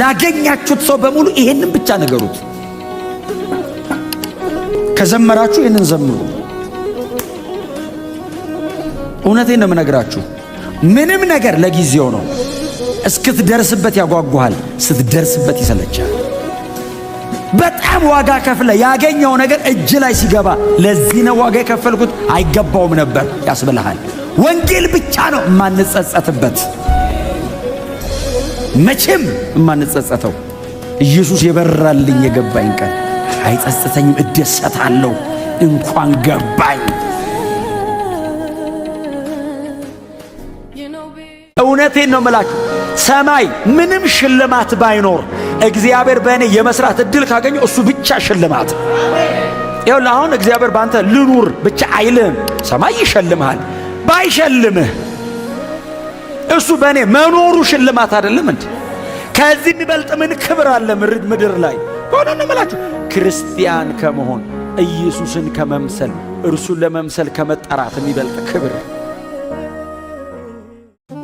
ላገኛችሁት ሰው በሙሉ ይሄንን ብቻ ነገሩት። ከዘመራችሁ ይሄንን ዘምሩ። እውነቴን ነው የምነግራችሁ። ምንም ነገር ለጊዜው ነው። እስክትደርስበት ያጓጓሃል፣ ስትደርስበት ይሰለቻል። በጣም ዋጋ ከፍለ ያገኘው ነገር እጅ ላይ ሲገባ ለዚህ ነው ዋጋ የከፈልኩት አይገባውም ነበር ያስብልሃል። ወንጌል ብቻ ነው የማንጸጸትበት። መቼም እማንጸጸተው ኢየሱስ የበራልኝ የገባኝ ቀን አይጸጸተኝም፣ እደሰታለሁ። እንኳን ገባኝ። እውነቴን ነው የምላችሁ፣ ሰማይ ምንም ሽልማት ባይኖር እግዚአብሔር በእኔ የመስራት እድል ካገኘ እሱ ብቻ ሽልማት ይሁን። አሁን እግዚአብሔር በአንተ ልኑር ብቻ አይልህም። ሰማይ ይሸልምሃል ባይሸልምህ እሱ በእኔ መኖሩ ሽልማት አይደለም እንዴ? ከዚህ የሚበልጥ ምን ክብር አለ ምድር ላይ? ሆነ ነው ክርስቲያን ከመሆን ኢየሱስን ከመምሰል እርሱን ለመምሰል ከመጠራት የሚበልጥ ክብር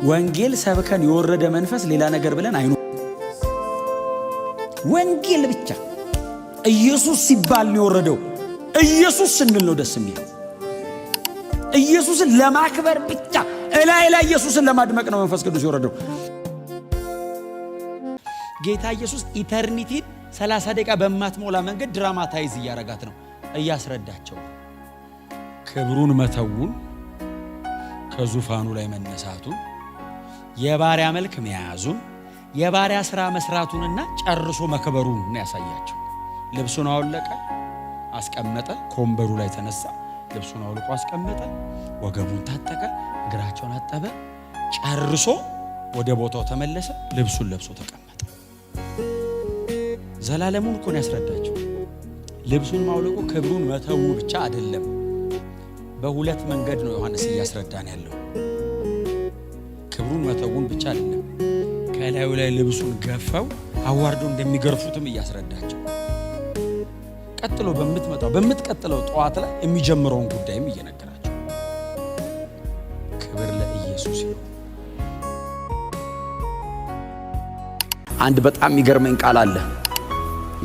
ወንጌል ሰብከን የወረደ መንፈስ ሌላ ነገር ብለን አይኑ ወንጌል ብቻ ኢየሱስ ሲባል ነው የወረደው። ኢየሱስ ስንል ነው ደስ የሚል ኢየሱስን ለማክበር ብቻ እላይ ላይ ኢየሱስን ለማድመቅ ነው መንፈስ ቅዱስ የወረደው። ጌታ ኢየሱስ ኢተርኒቲን 30 ደቂቃ በማትሞላ መንገድ ድራማታይዝ እያረጋት ነው፣ እያስረዳቸው ክብሩን መተውን፣ ከዙፋኑ ላይ መነሳቱን፣ የባሪያ መልክ መያዙን፣ የባሪያ ስራ መስራቱንና ጨርሶ መክበሩን ነው ያሳያቸው። ልብሱን አወለቀ፣ አስቀመጠ፣ ከወንበሩ ላይ ተነሳ። ልብሱን አውልቆ አስቀመጠ፣ ወገቡን ታጠቀ፣ እግራቸውን አጠበ፣ ጨርሶ ወደ ቦታው ተመለሰ። ልብሱን ለብሶ ተቀመጠ። ዘላለሙን እኮ ነው ያስረዳቸው። ልብሱን ማውለቁ ክብሩን መተው ብቻ አይደለም። በሁለት መንገድ ነው ዮሐንስ እያስረዳን ያለው። ክብሩን መተውን ብቻ አይደለም፣ ከላዩ ላይ ልብሱን ገፈው አዋርዶ እንደሚገርፉትም እያስረዳቸው ቀጥሎ በምትመጣው በምትቀጥለው ጠዋት ላይ የሚጀምረውን ጉዳይም እየነገራቸው ክብር ለኢየሱስ ይሁን። አንድ በጣም የሚገርመኝ ቃል አለ።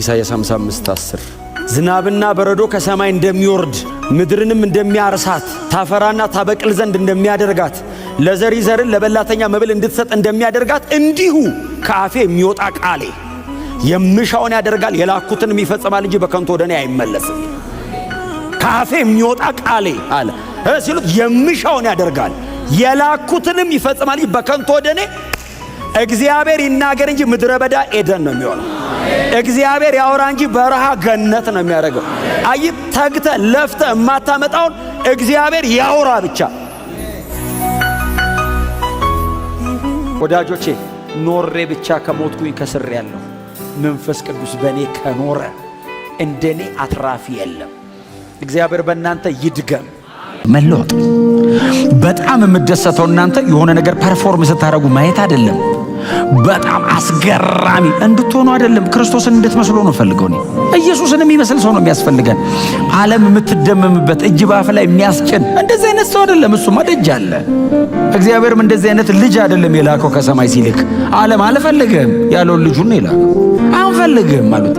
ኢሳይያስ 55 10 ዝናብና በረዶ ከሰማይ እንደሚወርድ ምድርንም እንደሚያርሳት ታፈራና ታበቅል ዘንድ እንደሚያደርጋት ለዘሪ ዘርን ለበላተኛ መብል እንድትሰጥ እንደሚያደርጋት እንዲሁ ከአፌ የሚወጣ ቃሌ የምሻውን ያደርጋል የላኩትንም የሚፈጽማል እንጂ በከንቱ ወደ እኔ አይመለስም። ካፌ የሚወጣ ቃሌ አለ ሲሉት የምሻውን ያደርጋል የላኩትንም ይፈጽማል እንጂ በከንቱ ወደ እኔ እግዚአብሔር ይናገር እንጂ ምድረ በዳ ኤደን ነው የሚሆነው። እግዚአብሔር ያወራ እንጂ በረሃ ገነት ነው የሚያደርገው። አይ ተግተ ለፍተ የማታመጣውን እግዚአብሔር ያውራ ብቻ። ወዳጆቼ ኖሬ ብቻ ከሞትኩኝ ከስሬ ያለሁ መንፈስ ቅዱስ በእኔ ከኖረ እንደኔ አትራፊ የለም። እግዚአብሔር በእናንተ ይድገም። መለወጥ በጣም የምደሰተው እናንተ የሆነ ነገር ፐርፎርም ስታደርጉ ማየት አይደለም። በጣም አስገራሚ እንድትሆኑ አይደለም፣ ክርስቶስን እንድትመስሉ ነው ፈልገው። እኔ ኢየሱስን የሚመስል ሰው ነው የሚያስፈልገን። ዓለም የምትደመምበት እጅ ባፍ ላይ የሚያስጭን እንደዚህ አይነት ሰው አይደለም። እሱማ ደጅ አለ። እግዚአብሔርም እንደዚህ አይነት ልጅ አይደለም የላከው ከሰማይ ሲልክ። ዓለም አልፈልግህም ያለውን ልጁን ይላል። አንፈልግህም ማለት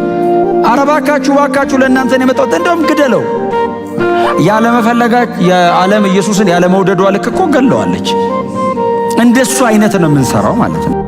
ኧረ ባካችሁ እባካችሁ ለእናንተን የመጣሁት እንደውም ግደለው ያለመፈለጋ የዓለም ኢየሱስን ያለመውደዷ ልክ እኮ ገለዋለች። እንደሱ አይነት ነው የምንሰራው ማለት ነው።